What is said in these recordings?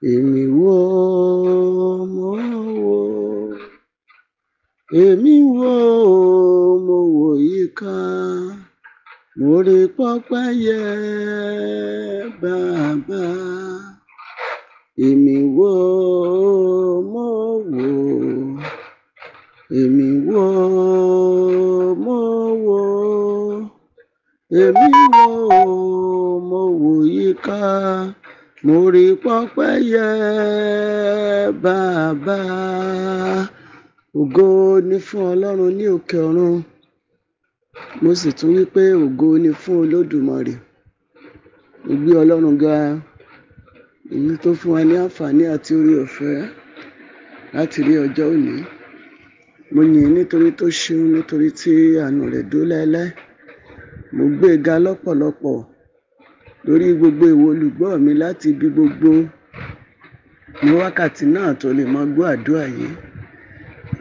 Èmi wo mo wò, èmi wo mo wò yíká, mo rí pọ́pẹ́yẹ bàbá. Èmi wo mo wò, èmi wo mo wò, èmi wo mo wò yíká mo rí pọ́pẹ́ yẹ bàbá ògo ni fún ọlọ́run ní òkè ọ̀run mo sì tún wí pé ògo ni fún olódùmarè mo gbé ọlọ́run ga èyí tó fún wa ní àǹfààní àti orí ọ̀fẹ́ láti rí ọjọ́ òní mo yìn ín nítorí tó ṣeun nítorí tí àánú rẹ̀ dó láéláé mo gbé e ga lọ́pọ̀lọpọ̀ lórí gbogbo ìwọ olùgbọ́ mi láti ibi gbogbo ní wákàtí náà tó lè máa gbọ́ àdúrà yìí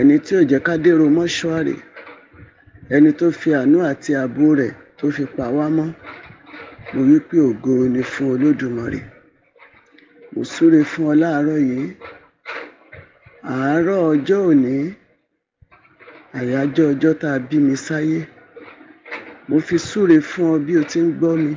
ẹni tí ò jẹ́ ká dèrò mọ́ṣúárì ẹni tó fi àánú àti ààbò rẹ̀ tó fi pa wá mọ́ mo wí pé ògo ni fún olódùmarè mo súre fún ọ láàárọ̀ yìí àárọ̀ ọjọ́ òní àyájọ́ ọjọ́ tá a bí mi sáyé mo fi súre fún ọ bí o ti ń gbọ́ mi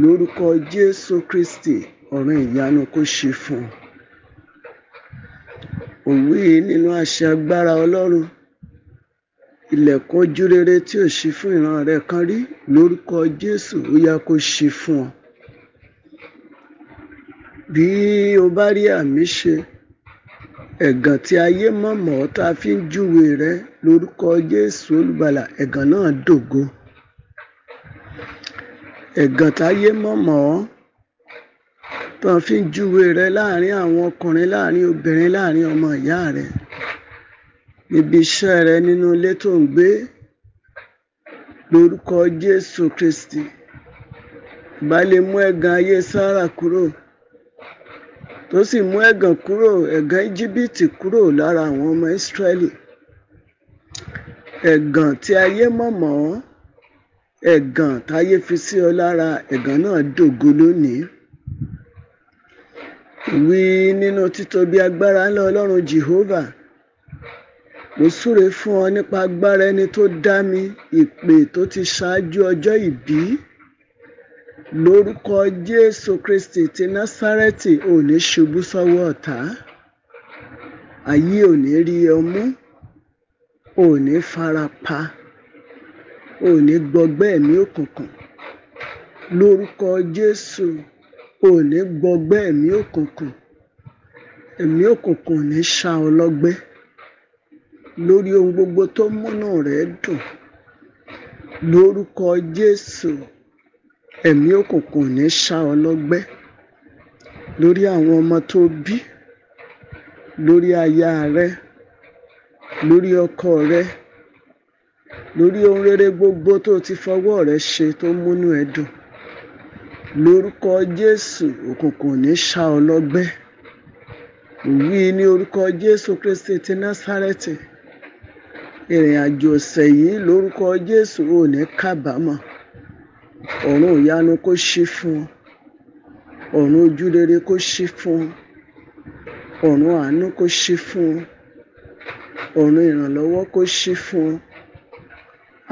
lórúkọ Jésù Kristi ọ̀ràn ìyanu kó ṣe fún un òwe nínú àṣẹ agbára Ọlọ́run ilẹ̀kùn ojú rere tí ò ṣí fún ìran rẹ kan rí lórúkọ Jésù ó yá kó ṣí fún ọ bí o bá rí àmì ṣe ẹ̀gàn tí ayé mọ̀mọ́ tá a fi ń júwe rẹ lórúkọ Jésù olùgbàlà ẹ̀gàn náà dògo ẹ̀gàn táyé mọ̀mọ́ tán fi ń júwe rẹ láàrin àwọn ọkùnrin láàrin obìnrin láàrin ọmọ ìyá rẹ níbi iṣẹ́ rẹ nínú ilé tó ń gbé lórúkọ Jésù Kristi bá lè mú ẹ̀gàn ayé Sárà kúrò tó sì mú ẹ̀gàn kúrò ẹ̀gàn íjíbítì kúrò lára àwọn ọmọ Ísírẹ́lì ẹ̀gàn tí ayé mọ̀mọ́ ẹ̀gàn táyé fi sí ọ lára ẹ̀gàn náà dògo lónìí wí nínú títóbi agbára ńlá ọlọ́run Jehovah mo súre fún ọ nípa agbára ẹni tó dá mi ìpè tó ti ṣáájú ọjọ́ ìbí lórúkọ Jésù Kristi ti Násárẹ́tì ò ní ṣubú sọ́wọ́ ọ̀tá ayé ò ní rí ọ mú fara pa. o ní gbọgbẹ́ ẹ̀mí òkùnkùn lórúkọ Jésù o ní gbọgbẹ́ ẹ̀mí òkùnkùn ẹ̀mí òkùnkùn ní ṣá ọ lọ́gbẹ́ lórí ohun gbogbo tó múnú rẹ dùn lórúkọ Jésù ẹ̀mí òkùnkùn ní ṣá ọ lọ́gbẹ́ lórí àwọn ọmọ tó bí lórí aya rẹ lórí ọkọ rẹ. lórí ohun rere gbogbo tó ti fọwọ́ rẹ ṣe tó múnú ẹ dùn lórúkọ jésù òkùnkùn ní ṣá ọ lọ́gbẹ́ òwí ní orúkọ jésù kristi ti násárẹ́tì ìrìn àjò ọ̀sẹ̀ yìí lórúkọ jésù ò ní kábàámọ̀ ọ̀run ìyanu kó ṣí fún ọ ọ̀run ojú rere kó ṣí fún ọ ọ̀run àánú kó ṣí fún ọ ọ̀run ìrànlọ́wọ́ kó ṣí fún ọ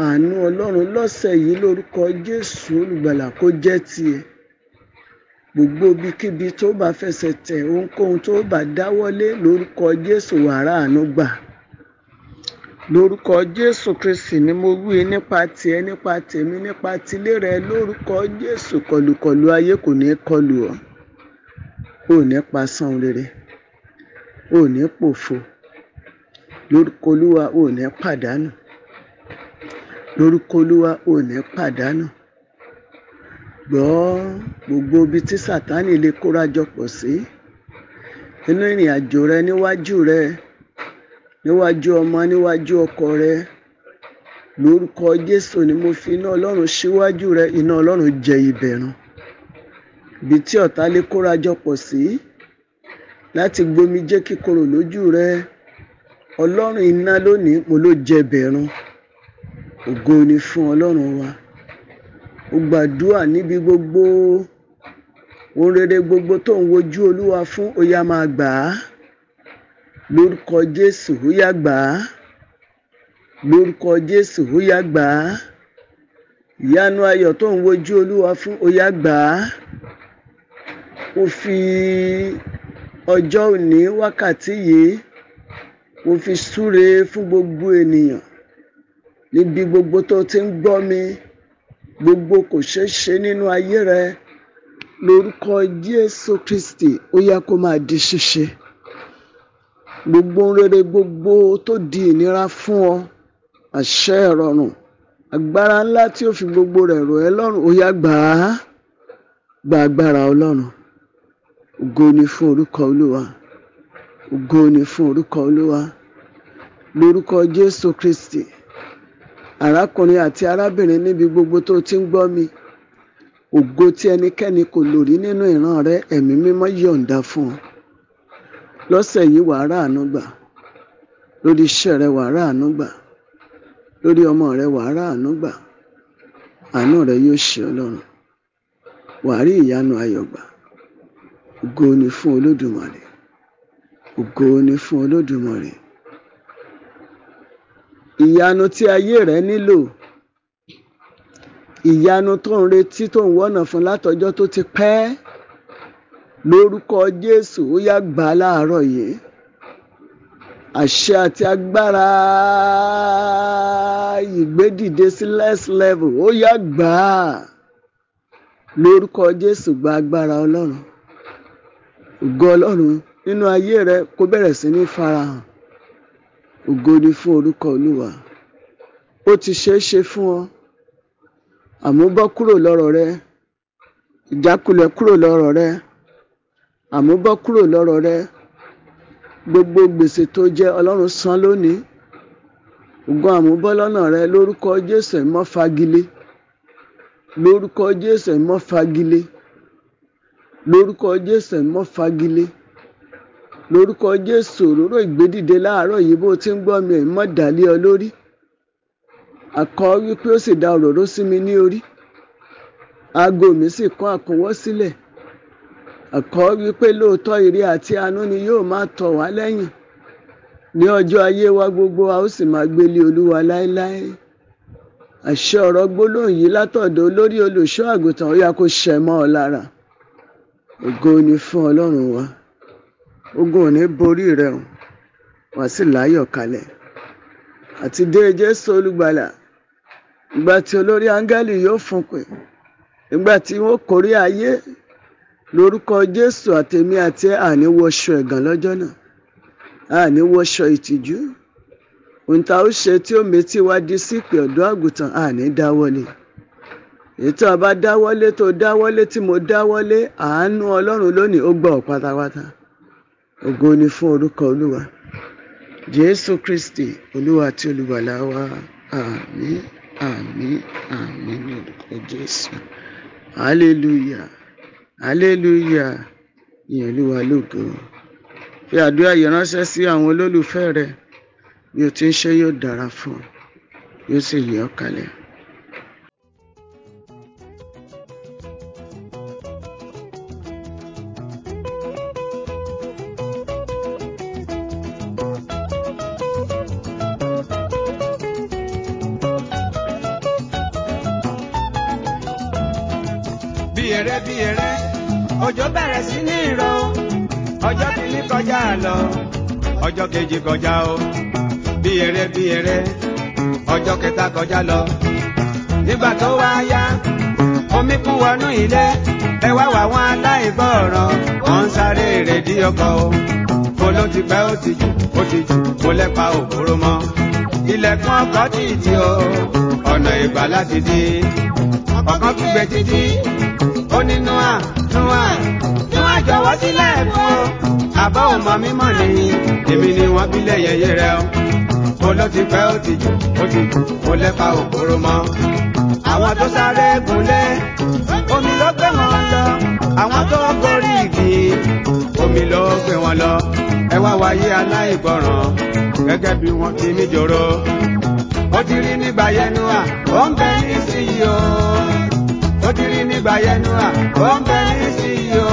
àánú ọlọ́run lọ́sẹ̀ yìí lórúkọ jésù olùgbàlà kó jẹ́ tiẹ̀ gbogbo ibikíbi tó bá fẹsẹ̀ tẹ̀ ohunkóhun tó bá dáwọ́lé lórúkọ jésù wàrà àánú gbà lórúkọ jésù kristi ni mo wí nípa tiẹ̀ nípa tèmi nípa tilé rẹ lórúkọ jésù kọlùkọlù ayé kò ní kọlù ọ́ ò ní pa san rere ò ní pòfo lórúkọ olúwa ò ní pàdánù lórúkọ olúwa ò ní pàdánù gbọ́ gbogbo ibi tí sátánì lè kóra jọ pọ̀ sí nínú ìrìn àjò rẹ níwájú rẹ níwájú ọmọ níwájú ọkọ rẹ lórúkọ jésù ni mo fi iná ọlọ́run síwájú rẹ iná ọlọ́run jẹ ìbẹ̀rùn ibi tí ọ̀tá lè kóra jọ pọ̀ sí láti gbomi jẹ́ kíkorò lójú rẹ ọlọ́run iná lónìí mo ló jẹ bẹ̀rùn ògo ni fún ọlọ́run wa ó gbàdúrà níbi gbogbo ohun rere gbogbo tó ń wojú olúwa fún ó yá máa gbà á lórúkọ jésù ó yá gbà á lórúkọ jésù ó yá gbà á ìyanu ayọ̀ tó ń wojú olúwa fún ó gbà á ó fi ọjọ́ òní wákàtí yìí ó fi súre fún gbogbo ènìyàn níbi gbogbo tó ti ń gbọ́ mi gbogbo kò ṣeé ṣe nínú ayé rẹ lórúkọ Jésù Kristi ó yá kó máa di ṣíṣe gbogbo rere gbogbo tó di ìnira fún ọ àṣẹ ìrọ̀rùn agbára ńlá tí ó fi gbogbo rẹ̀ rọ̀ ẹ́ lọ́rùn ó yá gbà á gba agbára Ọlọ́run ògo ni fún orúkọ Olúwa ògo ni fún orúkọ Olúwa lórúkọ Jésù Kristi arákùnrin àti arábìnrin níbi gbogbo tó ti ń gbọ́ mi ògo tí ẹnikẹ́ni kò lò rí nínú ìran rẹ ẹ̀mí mímọ́ yọ̀ǹda fún ọ lọ́sẹ̀ yìí wàá ráàánú gbà lórí iṣẹ́ rẹ wàá ráàánú gbà lórí ọmọ rẹ wàá ráàánú gbà àánú rẹ yóò ṣe ọlọ́run wàá ìyanu ayọ̀ gbà ògo ni fún olódùmarè ògo ni fún olódùmarè ìyanu tí ayé rẹ nílò ìyanu tó ń retí tó ń wọ́nà fún látọjọ́ tó ti pẹ́ lórúkọ Jésù ó yá gbà á láàárọ̀ yìí àṣẹ àti agbára ìgbédìde sí next level ó yá gbà á lórúkọ Jésù gba agbára Ọlọ́run ògo Ọlọ́run nínú ayé rẹ kó bẹ̀rẹ̀ sí ní farahàn ògo ni fún orúkọ olúwa ó ti ṣeé ṣe fún ọ àmúbọ́ kúrò lọ́rọ̀ rẹ ìjákulẹ̀ kúrò lọ́rọ̀ rẹ àmúbọ́ kúrò lọ́rọ̀ rẹ gbogbo gbèsè tó jẹ ọlọ́run san lónìí ògùn àmúbọ́ lọ́nà rẹ lórúkọ jésù mọ́ fagilé lórúkọ jésù mọ́ fagilé lórúkọ jésù mọ́ fagilé lórúkọ jésù òróró ìgbédìde láàárọ̀ yìí bó ti ń gbọ́ mi ìmọ̀ dàlẹ́ ọ lórí àkọ́ wípé ó sì da òróró sí mi ní orí aago mi sì kọ́ àkúnwọ́ sílẹ̀ àkọ́ wípé lóòótọ́ ire àti àánú ni yóò máa tọ̀ wá lẹ́yìn ní ọjọ́ ayé wa gbogbo a ó sì máa gbélé olúwa láéláé àṣẹ ọ̀rọ̀ gbólóhùn yìí látọ̀dọ̀ olórí olùṣọ́ àgùntàn ó yá kó ṣẹ ọ lára ògo ni fún ọlọ́run wa ogun ò ní borí rẹ o wà sí láyọ̀ kalẹ̀ àti dé jésù olùgbàlà ìgbà tí olórí áńgẹ́lì yóò fún pé ìgbà tí wọ́n kórè ayé lórúkọ jésù àtèmi àti àní wọṣọ ẹ̀gàn lọ́jọ́ náà àní wọṣọ ìtìjú òǹtà ó ṣe tí ó metí wá di sípè ọ̀dọ́ àgùntàn àní dáwọ́lé ètò àbá dáwọ́lé tó dáwọ́lé tí mo dáwọ́lé àánú ọlọ́run lónìí ó gbọ́ pátápátá ògo ni fún orúkọ olúwa jésù kristi olúwa àti olùgbàlà wa àmín àmín àmín ní orúkọ jésù hallelujah hallelujah ìyẹn olúwa lógo fi àdúrà yìí ránṣẹ́ sí àwọn olólùfẹ́ rẹ bí o ti ń ṣe yóò dára fún ọ yóò sì yẹ ọ́ kalẹ̀ ẹrẹ́ bí ẹrẹ́ òjò bẹ̀rẹ̀ sí ní ìrọ̀ ọjọ́ kìíní kọjá àlọ́ ọjọ́ kejì kọjá o bí ẹrẹ́ bí ẹrẹ́ ọjọ́ kẹta kọjá lọ nígbà tó wá yá omi kú wọnú ilé ẹ wá wà wọn aláìgbọràn wọn ń sáré èrèdí ọkọ o mo ló ti pẹ́ ó ti jù ó ti jù mo lẹ́pa òbóró mọ́ ilẹ̀kùn ọkọ̀ tìtì o ọ̀nà ìgbà láti dé ọkàn tún gbẹ títí onínú à tún wà tún wà jọ̀wọ́ sílẹ̀ fún ọ. àbá ò mọ mímọ̀ ni èmi ni wọ́n bílẹ̀ yẹyẹ rẹ o. mo ló ti pẹ́ ó ti jù ó ti kù mo lẹ́pa òkúrú mọ́. àwọn tó sáré gúnlẹ̀ omi ló gbé wọn lọ àwọn tó gorí igi omi ló gbé wọn lọ ẹ wá wáyé aláìgbọràn gẹ́gẹ́ bí wọ́n ti mí jòrò ó ti rí nígbà yẹnu à ó ń bẹ ní sí yìí o mo ti rí nígbà yẹnu à ó ń bẹ ní sí i o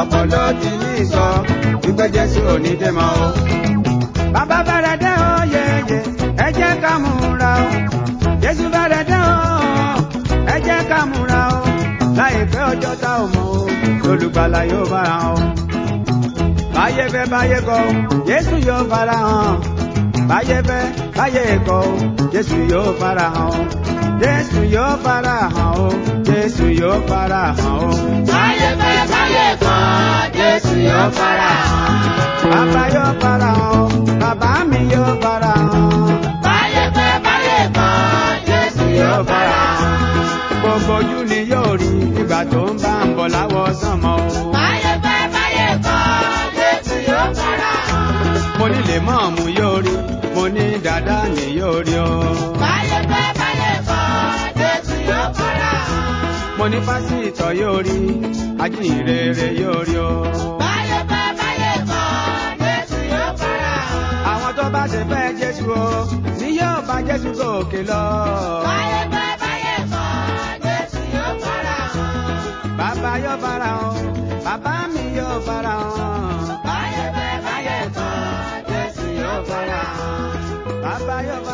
ọ̀pọ̀ ló ti ní ìsọ ìgbẹ́jẹ́ sí òní dé mọ́ o. bàbá bẹ̀rẹ̀ dé o yeye ẹ jẹ́ ká múra o jésù bẹ̀rẹ̀ dé o ẹ jẹ́ ká múra o láìpẹ́ ọjọ́ tá ò mọ̀ o lólùgbàlà yóò bára o. báyé fẹ́ báyé kọ̀ o jésù yóò fara hàn báyé fẹ́ báyé kọ̀ o jésù yóò fara hàn o. Jésù yóò fara hàn o, Jésù yóò fara hàn o. Báyé fẹ́ báyé kan, Jésù yóò fara hàn. Bàbá yóò fara mo ní pásítọ̀ yóò rí ajínrere yóò rí o. báyé bá báyé bọ̀ jésù yóò fara hàn. àwọn tó bá ṣe fẹ́ jésù o ni yóò bá jésù gòkè lọ. báyé bá báyé bọ̀ jésù yóò fara bàbá yóò fara hàn bàbá mi yóò fara hàn. báyé bá báyé bọ̀ jésù yóò fara bàbá yóò fara